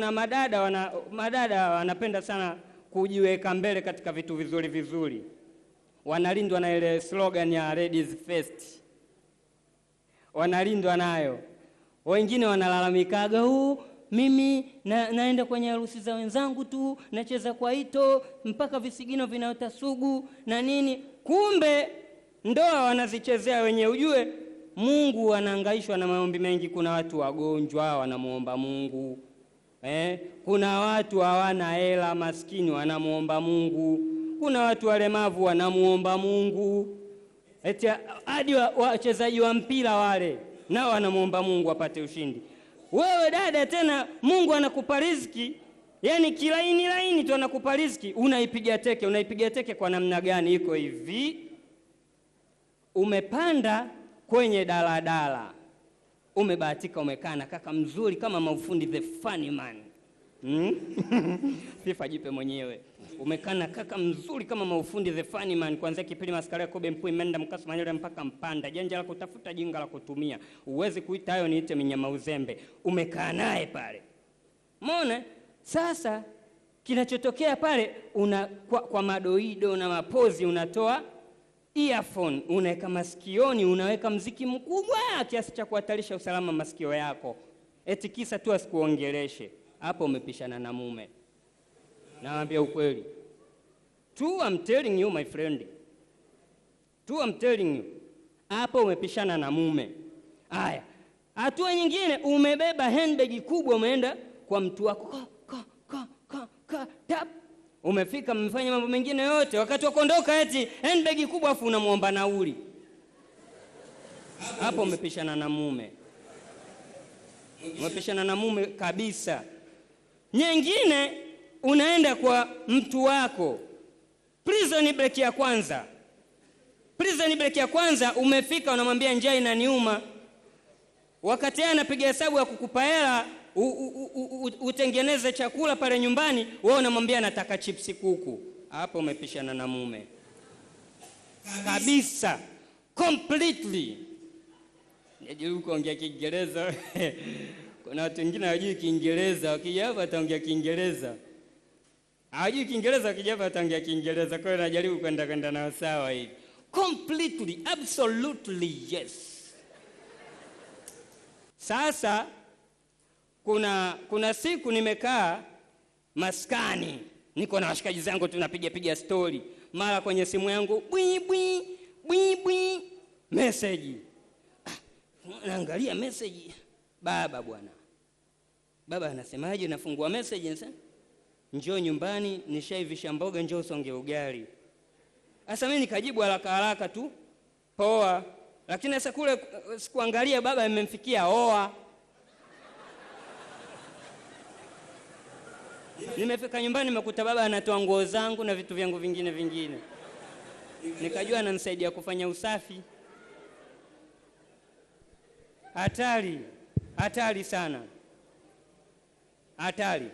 kuna madada wana, madada wanapenda sana kujiweka mbele katika vitu vizuri vizuri, wanalindwa na ile slogan ya ladies first, wanalindwa nayo. Wengine wanalalamikaga huu mimi na, naenda kwenye harusi za wenzangu tu nacheza kwa ito mpaka visigino vinaota sugu na nini. Kumbe ndoa wanazichezea wenye. Ujue Mungu anahangaishwa na maombi mengi. Kuna watu wagonjwa wanamwomba Mungu eh, kuna watu hawana hela maskini wanamuomba Mungu, kuna watu walemavu wanamuomba Mungu, eti hadi wachezaji wa, wa mpira wale nao wanamuomba Mungu apate ushindi. Wewe dada, tena Mungu anakupa riziki yaani kilaini laini tu anakupa riziki, unaipiga teke. Unaipiga teke kwa namna gani? Iko hivi, umepanda kwenye daladala umebahatika umekaa na kaka mzuri kama Maufundi the funny man mm? sifa jipe mwenyewe. Umekaa na kaka mzuri kama Maufundi the funny man, kuanzia Kipili, Maskara, Kobe, Mpui, Menda, Mkasu, Manyara mpaka Mpanda. Janja la kutafuta, jinga la kutumia, uwezi kuita hayo niite minyama uzembe. Umekaa naye pale, mona sasa kinachotokea pale una, kwa, kwa madoido na mapozi unatoa earphone unaweka masikioni, unaweka mziki mkubwa kiasi cha kuhatarisha usalama masikio yako, eti kisa tu asikuongeleshe. Hapo umepishana na mume, naambia ukweli tu, I'm telling you my friend, tu I'm telling you, hapo umepishana na mume. Haya, hatua nyingine, umebeba handbag kubwa, umeenda kwa mtu wako Umefika mmefanya mambo mengine yote, wakati wa kuondoka eti handbag yaani kubwa, afu unamwomba nauli. Hapo umepishana na mume, umepishana na mume kabisa. Nyingine unaenda kwa mtu wako, prison break ya kwanza, prison break ya kwanza, umefika unamwambia njaa inaniuma, wakati yeye anapiga hesabu ya kukupa hela u, u, u, u, utengeneze chakula pale nyumbani, wewe unamwambia nataka chipsi kuku. Hapo umepishana na mume kabisa, completely. Najaribu kuongea Kiingereza kuna watu wengine hawajui Kiingereza, wakija hapa wataongea Kiingereza, hawajui Kiingereza, wakija hapa wataongea Kiingereza. Kwa hiyo najaribu kwenda kwenda nao sawa hivi, completely absolutely yes. Sasa kuna, kuna siku nimekaa maskani, niko na washikaji zangu tunapiga piga stori, mara kwenye simu yangu bwi bwi bwi bwi meseji, ah, naangalia meseji baba bwana, baba anasemaje? Nafungua meseji sasa, njoo nyumbani, nishaivisha mboga, njoo usonge ugali. Sasa mimi nikajibu haraka haraka tu poa, lakini sasa kule eh, sikuangalia baba imemfikia oa Nimefika nyumbani nimekuta baba anatoa nguo zangu na vitu vyangu vingine vingine, nikajua anamsaidia kufanya usafi. Hatari, hatari sana, hatari.